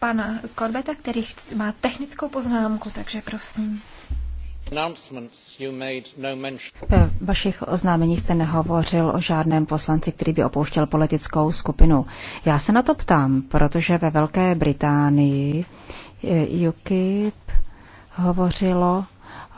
pan Korbeta, který má technickou poznámku, takže prosím. No v vašich oznámení jste nehovořil o žádném poslanci, který by opouštěl politickou skupinu. Já se na to ptám, protože ve Velké Británii eh, UKIP hovořilo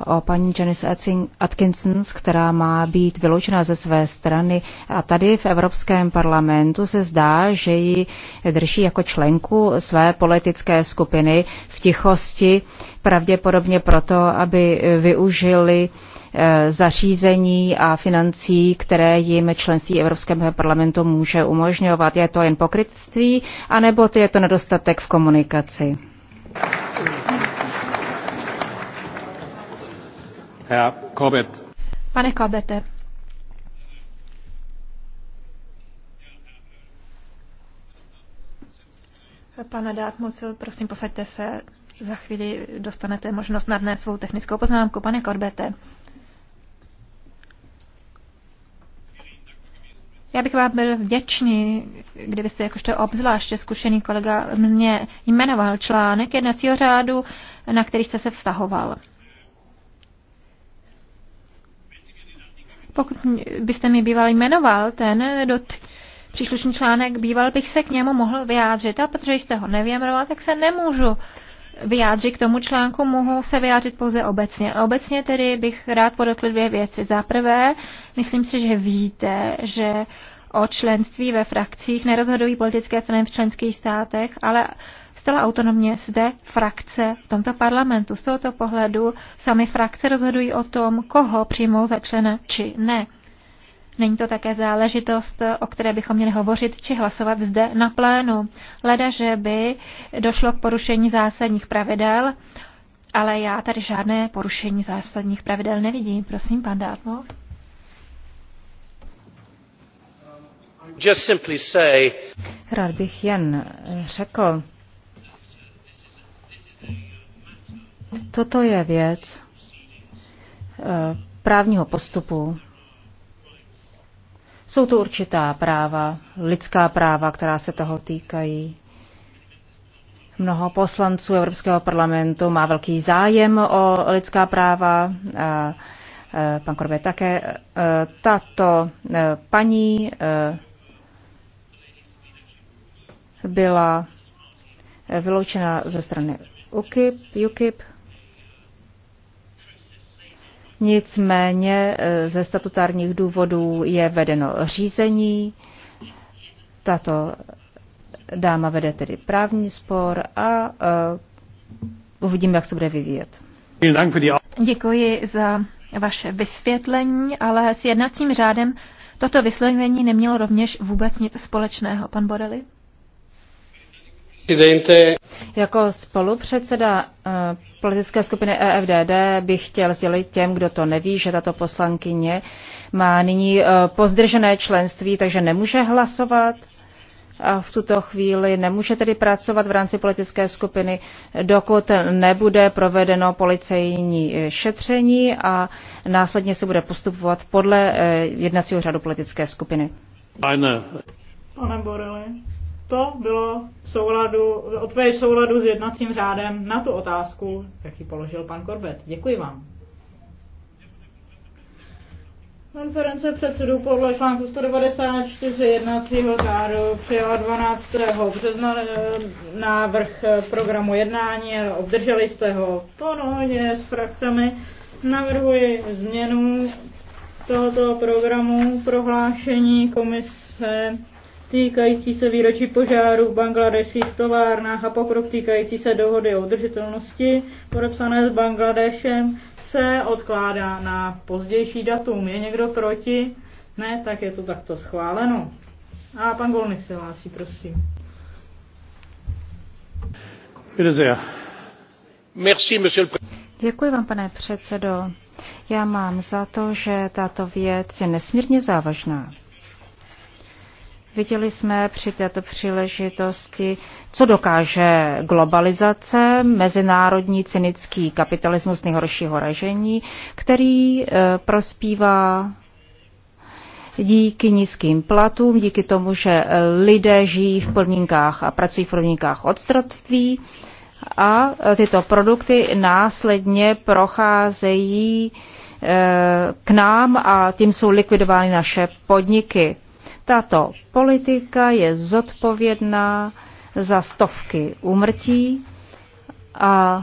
o paní Janice Atkinson, která má být vyloučena ze své strany. A tady v Evropském parlamentu se zdá, že ji drží jako členku své politické skupiny v tichosti, pravděpodobně proto, aby využili eh, zařízení a financí, které jim členství Evropského parlamentu může umožňovat. Je to jen pokrytství, anebo je to nedostatek v komunikaci? Herr Corbett. Pane Corbette. Pane Dátmoc, prosím, posaďte se. Za chvíli dostanete možnost nadné svou technickou poznámku. Pane Korbete. Já bych vám byl vděčný, kdybyste jakožto obzvláště zkušený kolega mě jmenoval článek jednacího řádu, na který jste se vztahoval. Pokud byste mi býval jmenoval ten eh, dot příslušný článek, býval bych se k němu mohl vyjádřit. A protože jste ho nevyjmenoval, tak se nemůžu vyjádřit k tomu článku, mohu se vyjádřit pouze obecně. A obecně tedy bych rád podotkl dvě věci. Za prvé, myslím si, že víte, že o členství ve frakcích nerozhodují politické strany v členských státech, ale zcela autonomně zde frakce v tomto parlamentu. Z tohoto pohledu sami frakce rozhodují o tom, koho přijmou za člena či ne. Není to také záležitost, o které bychom měli hovořit či hlasovat zde na plénu. Leda, že by došlo k porušení zásadních pravidel, ale já tady žádné porušení zásadních pravidel nevidím. Prosím, pan Dátmos. Rád bych jen eh, řekl, toto je věc eh, právního postupu. Jsou to určitá práva, lidská práva, která se toho týkají. Mnoho poslanců Evropského parlamentu má velký zájem o lidská práva. Eh, pan Korbe také. Tato paní byla eh, vyloučena ze strany UKIP, UKIP. Nicméně eh, ze statutárních důvodů je vedeno řízení. Tato dáma vede tedy právní spor a uh, uvidíme, jak se bude vyvíjet. Děkuji za vaše vysvětlení, ale s jednacím řádem toto vysvětlení nemělo rovněž vůbec nic společného. Pan Borely? Jako spolupředseda eh, politické skupiny EFDD bych chtěl sdělit těm, kdo to neví, že tato poslankyně má nyní eh, pozdržené členství, takže nemůže hlasovat. A v tuto chvíli nemůže tedy pracovat v rámci politické skupiny, dokud nebude provedeno policejní eh, šetření a následně se bude postupovat podle jednacího řádu politické skupiny. Pane Borele to bylo v souladu, odpověď v souladu s jednacím řádem na tu otázku, jaký položil pan Korbet. Děkuji vám. Konference předsedů podle článku 194 jednacího řádu přijala 12. března eh, návrh eh, programu jednání a obdrželi jste ho ponovně s frakcemi. Navrhuji změnu tohoto programu prohlášení komise týkající se výročí požáru v bangladeských továrnách a pokrok týkající se dohody o udržitelnosti podepsané s Bangladešem se odkládá na pozdější datum. Je někdo proti? Ne, tak je to takto schváleno. A pan Golny se hlásí, prosím. Děkuji vám, pane předsedo. Já mám za to, že tato věc je nesmírně závažná. Viděli jsme při této příležitosti, co dokáže globalizace, mezinárodní cynický kapitalismus nejhoršího ražení, který eh, prospívá díky nízkým platům, díky tomu, že eh, lidé žijí v podmínkách a pracují v podmínkách odstrodství a eh, tyto produkty následně procházejí k nám a tím jsou likvidovány naše podniky. Tato politika je zodpovědná za stovky úmrtí a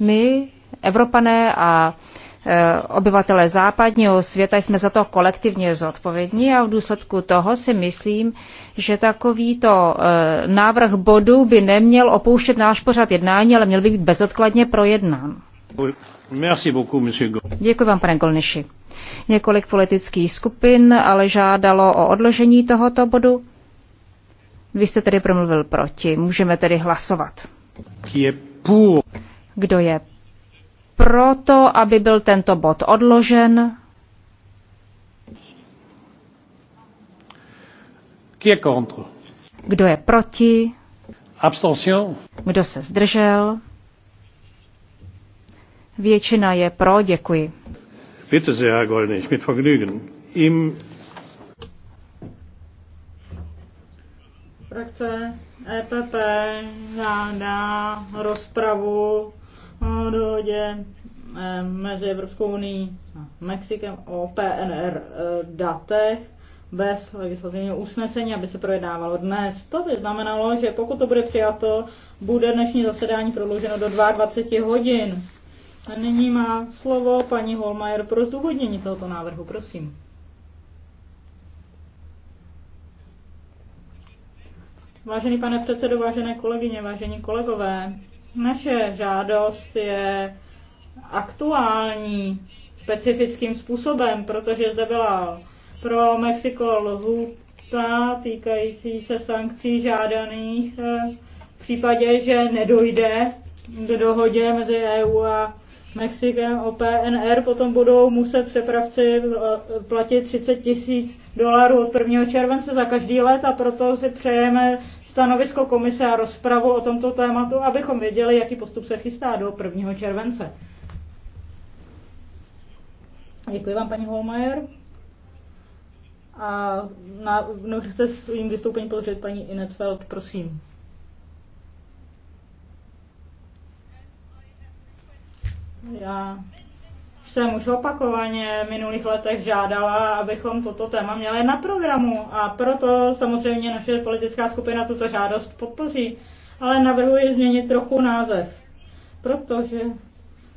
my, Evropané a e, obyvatelé západního světa jsme za to kolektivně zodpovědní a v důsledku toho si myslím, že takovýto e, návrh bodu by neměl opouštět náš pořad jednání, ale měl by být bezodkladně projednán. Děkuji vám, pane Golniši. Několik politických skupin ale žádalo o odložení tohoto bodu. Vy jste tedy promluvil proti. Můžeme tedy hlasovat. Kdo je proto, aby byl tento bod odložen? Kdo je proti? Abstention. Kdo se zdržel? Většina je pro, děkuji. Bitte sehr, Herr Goldnich, mit Vergnügen. Im Frakce EPP žádá rozpravu o dohodě eh, mezi Evropskou unii a Mexikem o PNR eh, datech bez legislativního usnesení, aby se projednávalo dnes. To by znamenalo, že pokud to bude přijato, bude dnešní zasedání prodlouženo do 22 hodin. A nyní má slovo paní Holmajer pro zdůvodnění tohoto návrhu, prosím. Vážený pane předsedo, vážené kolegyně, vážení kolegové, naše žádost je aktuální specifickým způsobem, protože zde byla pro Mexiko lhůta týkající se sankcí žádaných eh, v případě, že nedojde k dohodě mezi EU a Mexikem o PNR, potom budou muset přepravci eh, platit 30 tisíc dolarů od 1. července za každý let a proto si přejeme stanovisko komise a rozpravu o tomto tématu, abychom věděli, jaký postup se chystá do 1. července. Děkuji vám, paní Holmajer. A na, no, chcete svým vystoupení položit paní Inetfeld, prosím. Já jsem už opakovaně v minulých letech žádala, abychom toto téma měli na programu a proto samozřejmě naše politická skupina tuto žádost podpoří, ale navrhuji změnit trochu název, protože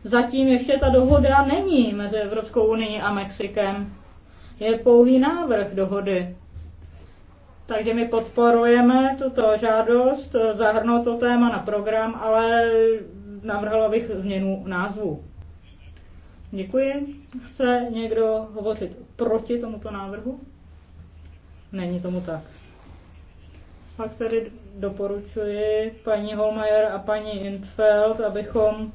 zatím ještě ta dohoda není mezi Evropskou unii a Mexikem. Je pouhý návrh dohody. Takže my podporujeme tuto žádost, zahrnout to téma na program, ale navrhla bych změnu názvu. Děkuji. Chce někdo hovořit proti tomuto návrhu? Není tomu tak. Pak tedy doporučuji paní Holmajer a paní Infeld, abychom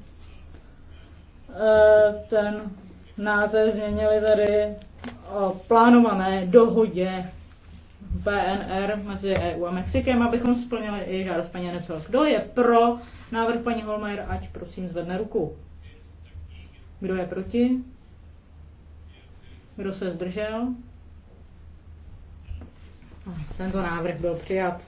eh, ten název změnili tady o plánované dohodě BNR mezi EU a Mexikem, abychom splnili i žádost paní Nepsal. Kdo je pro návrh paní Holmer, ať prosím zvedne ruku. Kdo je proti? Kdo se zdržel? Ah, tento návrh byl přijat.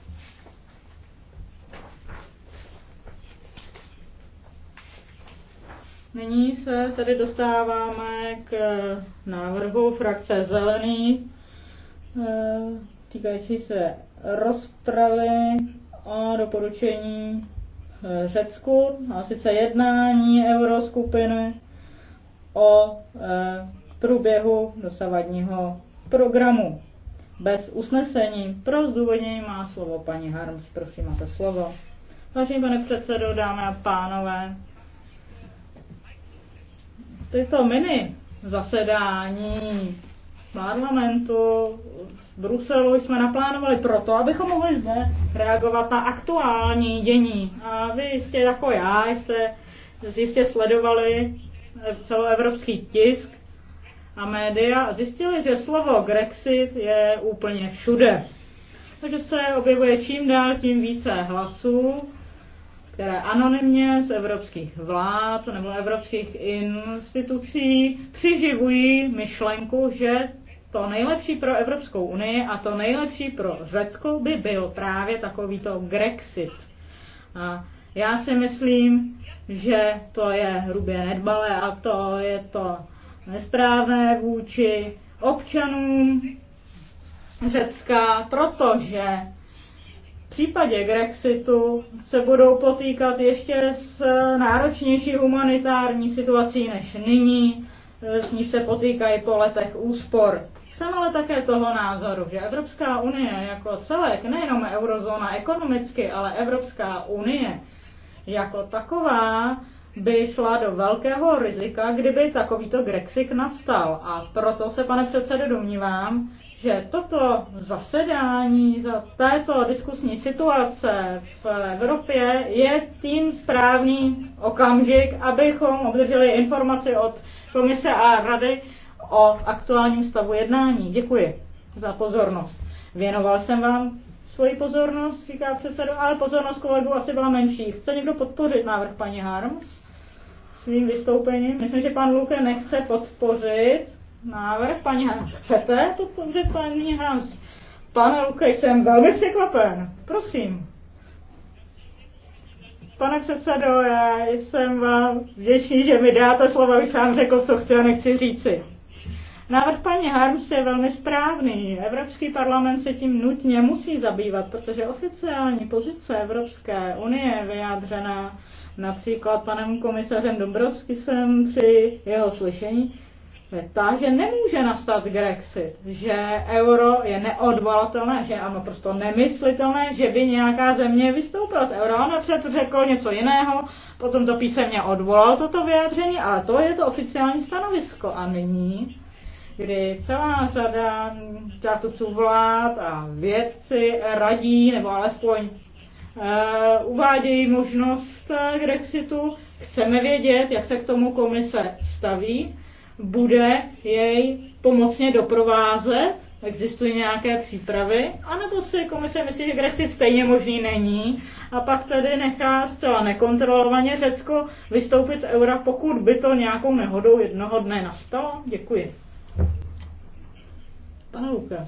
Nyní se tedy dostáváme k návrhu frakce Zelený eh, týkající se rozpravy o doporučení eh, Řecku, a sice jednání euroskupiny o eh, průběhu dosavadního programu. Bez usnesení pro zdůvodnění má slovo paní Harms. Prosím, máte slovo. Vážený pane předsedo, dámy a pánové, tyto mini zasedání parlamentu v Bruselu jsme naplánovali proto, abychom mohli zde reagovat na aktuální dění. A vy jistě jako já jste jistě sledovali eh, celoevropský tisk a média a zjistili, že slovo Grexit je úplně všude. Takže se objevuje čím dál tím více hlasů, které anonymně z evropských vlád nebo evropských institucí přiživují myšlenku, že to nejlepší pro Evropskou unii a to nejlepší pro Řecko by byl právě takovýto Grexit. A já si myslím, že to je hrubě nedbalé a to je to nesprávné vůči občanům Řecka, protože v případě Grexitu se budou potýkat ještě s náročnější humanitární situací než nyní, s níž se potýkají po letech úspor. Jsem ale také toho názoru, že Evropská unie jako celek, nejenom eurozóna ekonomicky, ale Evropská unie jako taková, by šla do velkého rizika, kdyby takovýto Grexit nastal. A proto se, pane předsedo, domnívám, že toto zasedání za této diskusní situace v Evropě je tím správný okamžik, abychom obdrželi informaci od komise a rady o aktuálním stavu jednání. Děkuji za pozornost. Věnoval jsem vám svoji pozornost, říká předsedo, ale pozornost kolegů asi byla menší. Chce někdo podpořit návrh paní Harms svým vystoupením? Myslím, že pan Luke nechce podpořit návrh paní Harms. Chcete podpořit paní Harms? Pane Luke, jsem velmi překvapen. Prosím. Pane předsedo, já jsem vám vděčný, že mi dáte slovo, abych sám řekl, co chci a nechci říci. Návrh paní Harms je velmi správný. Evropský parlament se tím nutně musí zabývat, protože oficiální pozice Evropské unie vyjádřená například panem komisařem Dombrovskisem při jeho slyšení, je ta, že nemůže nastat Grexit, že euro je neodvolatelné, že ano, prostě nemyslitelné, že by nějaká země vystoupila z euro. Ona před řekl něco jiného, potom to písemně odvolal toto vyjádření, ale to je to oficiální stanovisko. A nyní kdy celá řada zástupců vlád a vědci radí, nebo alespoň uh, uvádějí možnost Brexitu. Eh, Chceme vědět, jak se k tomu komise staví, bude jej pomocně doprovázet, existují nějaké přípravy, anebo si komise myslí, že Brexit stejně možný není a pak tedy nechá zcela nekontrolovaně Řecko vystoupit z eura, pokud by to nějakou nehodou jednoho dne nastalo? Děkuji dostane Luka,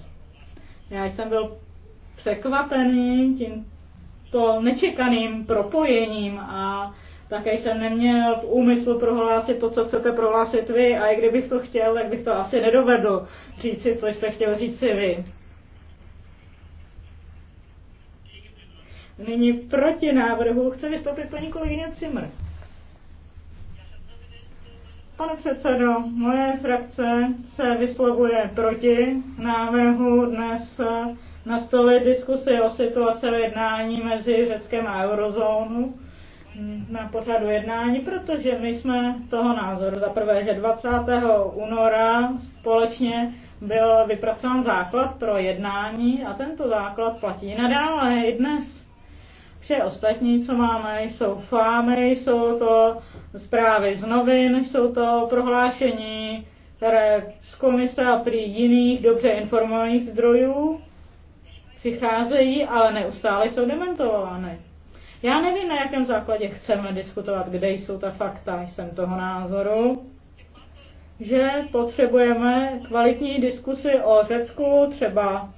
Já jsem byl překvapený tímto nečekaným propojením a také jsem neměl v úmyslu prohlásit to, co chcete prohlásit vy a i kdybych to chtěl, tak bych to asi nedovedl říci, co jste chtěl říci vy. Nyní proti návrhu chce vystoupit paní kolegyně Cimr. Pane předsedo, moje frakce se vyslovuje proti návrhu dnes stole diskusi o situaci v jednání mezi Řeckem a eurozónu na pořadu jednání, protože my jsme toho názoru. Za prvé, že 20. února společně byl vypracován základ pro jednání a tento základ platí nadále i dnes. Vše ostatní, co máme, jsou fámy, jsou to zprávy z novin, jsou to prohlášení, které z komise a prý jiných dobře informovaných zdrojů přicházejí, ale neustále jsou dementovány. Já nevím, na jakém základě chceme diskutovat, kde jsou ta fakta. Jsem toho názoru, že potřebujeme kvalitní diskusy o Řecku, třeba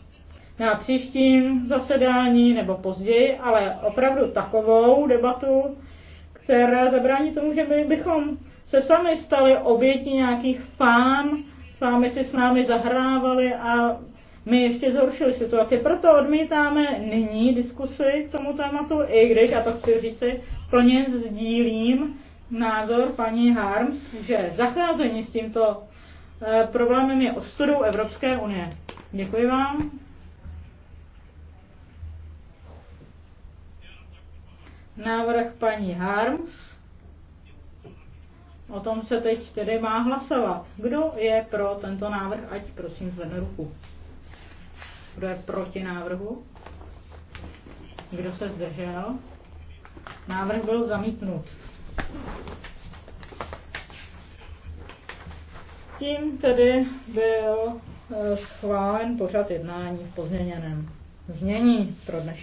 na příštím zasedání nebo později, ale opravdu takovou debatu, která zabrání tomu, že my bychom se sami stali oběti nějakých fán, fámy si s námi zahrávali a my ještě zhoršili situaci. Proto odmítáme nyní diskusy k tomu tématu, i když, a to chci říci, plně sdílím názor paní Harms, že zacházení s tímto eh, problémem je ostudou Evropské unie. Děkuji vám. Návrh paní Harms. O tom se teď tedy má hlasovat. Kdo je pro tento návrh, ať prosím zvedne ruku. Kdo je proti návrhu? Kdo se zdržel? Návrh byl zamítnut. Tím tedy byl eh, schválen pořad jednání v pozměněném znění pro dnešní